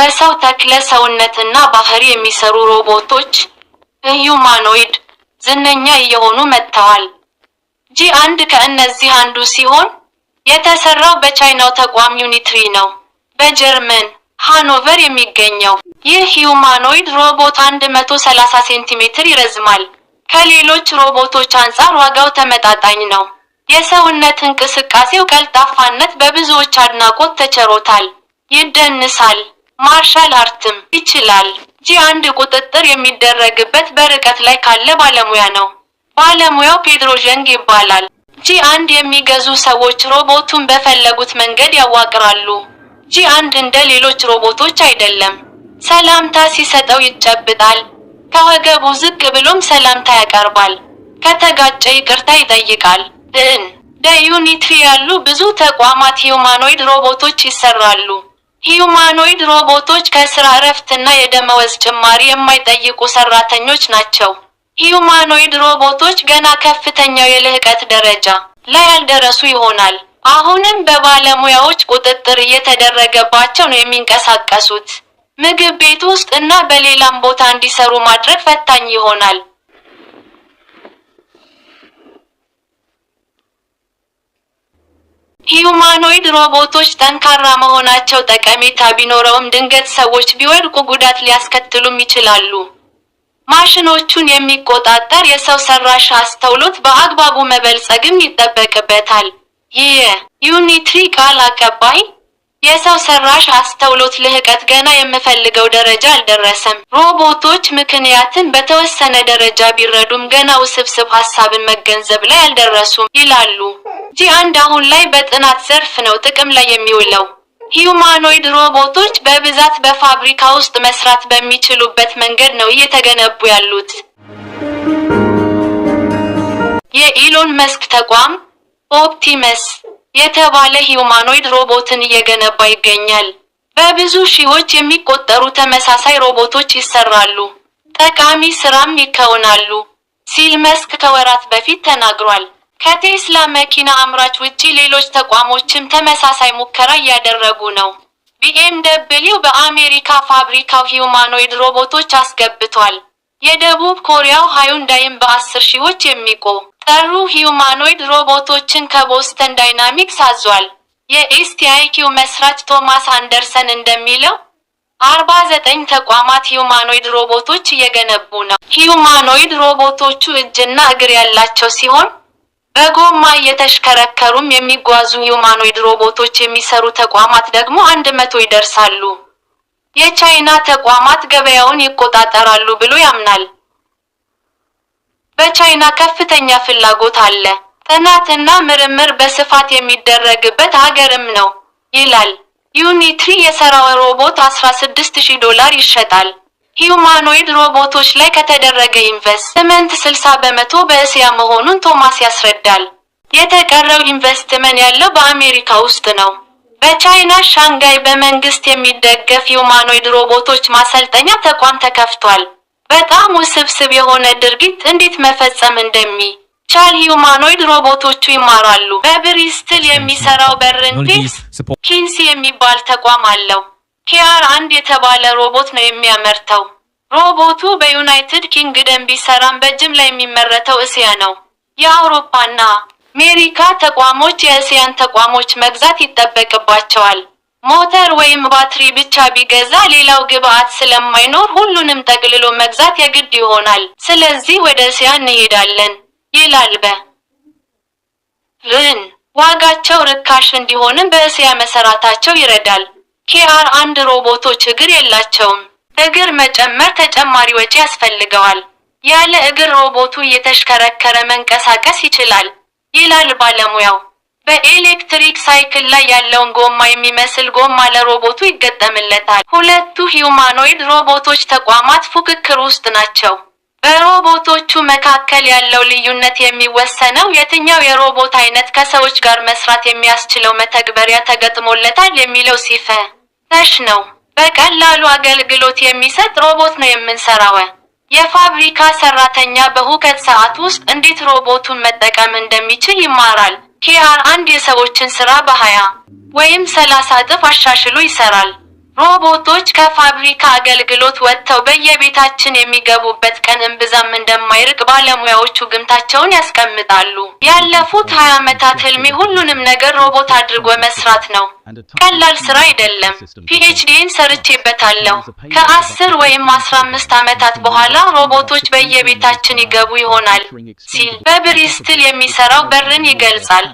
በሰው ተክለ ሰውነትና ባህሪ የሚሰሩ ሮቦቶች ሂዩማኖይድ ዝነኛ እየሆኑ መጥተዋል። ጂ አንድ ከእነዚህ አንዱ ሲሆን የተሰራው በቻይናው ተቋም ዩኒትሪ ነው፣ በጀርመን ሃኖቨር የሚገኘው። ይህ ሂዩማኖይድ ሮቦት 130 ሴንቲሜትር ይረዝማል። ከሌሎች ሮቦቶች አንጻር ዋጋው ተመጣጣኝ ነው። የሰውነት እንቅስቃሴው ቀልጣፋነት በብዙዎች አድናቆት ተቸሮታል። ይደንሳል። ማርሻል አርትም ይችላል። ጂ አንድ ቁጥጥር የሚደረግበት በርቀት ላይ ካለ ባለሙያ ነው። ባለሙያው ፔድሮ ዠንግ ይባላል። ጂ አንድ የሚገዙ ሰዎች ሮቦቱን በፈለጉት መንገድ ያዋቅራሉ። ጂ አንድ እንደ ሌሎች ሮቦቶች አይደለም። ሰላምታ ሲሰጠው ይጨብጣል። ከወገቡ ዝቅ ብሎም ሰላምታ ያቀርባል። ከተጋጨ ይቅርታ ይጠይቃል። እን ደ ያሉ ብዙ ተቋማት ሂውማኖይድ ሮቦቶች ይሰራሉ። ሂዩማኖይድ ሮቦቶች ከስራ እረፍትና የደመወዝ ጭማሪ የማይጠይቁ ሰራተኞች ናቸው። ሂዩማኖይድ ሮቦቶች ገና ከፍተኛው የልህቀት ደረጃ ላይ ያልደረሱ ይሆናል። አሁንም በባለሙያዎች ቁጥጥር እየተደረገባቸው ነው የሚንቀሳቀሱት። ምግብ ቤት ውስጥ እና በሌላም ቦታ እንዲሰሩ ማድረግ ፈታኝ ይሆናል። ሂዩማኖይድ ሮቦቶች ጠንካራ መሆናቸው ጠቀሜታ ቢኖረውም ድንገት ሰዎች ቢወድቁ ጉዳት ሊያስከትሉም ይችላሉ። ማሽኖቹን የሚቆጣጠር የሰው ሰራሽ አስተውሎት በአግባቡ መበልጸግም ይጠበቅበታል። ዩኒትሪ ቃል አቀባይ የሰው ሰራሽ አስተውሎት ልህቀት ገና የምፈልገው ደረጃ አልደረሰም። ሮቦቶች ምክንያትን በተወሰነ ደረጃ ቢረዱም ገና ውስብስብ ሀሳብን መገንዘብ ላይ አልደረሱም ይላሉ። ጂአንድ አሁን ላይ በጥናት ዘርፍ ነው ጥቅም ላይ የሚውለው። ሂዩማኖይድ ሮቦቶች በብዛት በፋብሪካ ውስጥ መስራት በሚችሉበት መንገድ ነው እየተገነቡ ያሉት። የኢሎን መስክ ተቋም ኦፕቲመስ የተባለ ሂዩማኖይድ ሮቦትን እየገነባ ይገኛል። በብዙ ሺዎች የሚቆጠሩ ተመሳሳይ ሮቦቶች ይሰራሉ፣ ጠቃሚ ስራም ይከውናሉ ሲል መስክ ከወራት በፊት ተናግሯል። ከቴስላ መኪና አምራች ውጪ ሌሎች ተቋሞችም ተመሳሳይ ሙከራ እያደረጉ ነው። ቢኤምደብሊው በአሜሪካ ፋብሪካው ሂውማኖይድ ሮቦቶች አስገብቷል። የደቡብ ኮሪያው ሃዩንዳይም በአስር ሺዎች ጠሩ ሂውማኖይድ ሮቦቶችን ከቦስተን ዳይናሚክስ አዟል። የኤስቲአይኪው መስራች ቶማስ አንደርሰን እንደሚለው አርባ ዘጠኝ ተቋማት ሂውማኖይድ ሮቦቶች እየገነቡ ነው። ሂውማኖይድ ሮቦቶቹ እጅና እግር ያላቸው ሲሆን በጎማ እየተሽከረከሩም የሚጓዙ ሂውማኖይድ ሮቦቶች የሚሰሩ ተቋማት ደግሞ አንድ መቶ ይደርሳሉ። የቻይና ተቋማት ገበያውን ይቆጣጠራሉ ብሎ ያምናል። በቻይና ከፍተኛ ፍላጎት አለ። ጥናትና ምርምር በስፋት የሚደረግበት ሀገርም ነው ይላል። ዩኒትሪ የሰራው ሮቦት 16000 ዶላር ይሸጣል። ሂዩማኖይድ ሮቦቶች ላይ ከተደረገ ኢንቨስትመንት 60 በመቶ በእስያ መሆኑን ቶማስ ያስረዳል። የተቀረው ኢንቨስትመንት ያለው በአሜሪካ ውስጥ ነው። በቻይና ሻንጋይ በመንግስት የሚደገፍ ሂዩማኖይድ ሮቦቶች ማሰልጠኛ ተቋም ተከፍቷል። በጣም ውስብስብ የሆነ ድርጊት እንዴት መፈጸም እንደሚ ቻል ሂዩማኖይድ ሮቦቶቹ ይማራሉ። በብሪስትል የሚሰራው በርንዲስ ኪንሲ የሚባል ተቋም አለው። ኪያር አንድ የተባለ ሮቦት ነው የሚያመርተው። ሮቦቱ በዩናይትድ ኪንግደም ቢሰራም በጅምላ የሚመረተው እስያ ነው። የአውሮፓና አሜሪካ ተቋሞች የእስያን ተቋሞች መግዛት ይጠበቅባቸዋል። ሞተር ወይም ባትሪ ብቻ ቢገዛ ሌላው ግብአት ስለማይኖር ሁሉንም ጠቅልሎ መግዛት የግድ ይሆናል። ስለዚህ ወደ እስያ እንሄዳለን ይላል። ርን ዋጋቸው ርካሽ እንዲሆንም በእስያ መሰራታቸው ይረዳል። ኪራር አንድ ሮቦቶች እግር የላቸውም። እግር መጨመር ተጨማሪ ወጪ ያስፈልገዋል። ያለ እግር ሮቦቱ እየተሽከረከረ መንቀሳቀስ ይችላል ይላል ባለሙያው። በኤሌክትሪክ ሳይክል ላይ ያለውን ጎማ የሚመስል ጎማ ለሮቦቱ ይገጠምለታል። ሁለቱ ሂውማኖይድ ሮቦቶች ተቋማት ፉክክር ውስጥ ናቸው። በሮቦቶቹ መካከል ያለው ልዩነት የሚወሰነው የትኛው የሮቦት አይነት ከሰዎች ጋር መስራት የሚያስችለው መተግበሪያ ተገጥሞለታል የሚለው ሲፈ ተሽ ነው። በቀላሉ አገልግሎት የሚሰጥ ሮቦት ነው የምንሰራው። የፋብሪካ ሰራተኛ በሁከት ሰዓት ውስጥ እንዴት ሮቦቱን መጠቀም እንደሚችል ይማራል። ኪያር አንድ የሰዎችን ስራ በሃያ ወይም ሰላሳ እጥፍ አሻሽሎ ይሰራል። ሮቦቶች ከፋብሪካ አገልግሎት ወጥተው በየቤታችን የሚገቡበት ቀን እምብዛም እንደማይርቅ ባለሙያዎቹ ግምታቸውን ያስቀምጣሉ። ያለፉት ሀያ ዓመታት ህልሜ ሁሉንም ነገር ሮቦት አድርጎ መስራት ነው። ቀላል ስራ አይደለም። ፒኤችዲን ሰርቼበታለሁ። ከአስር ወይም አስራ አምስት ዓመታት በኋላ ሮቦቶች በየቤታችን ይገቡ ይሆናል ሲል በብሪስትል የሚሰራው በርን ይገልጻል።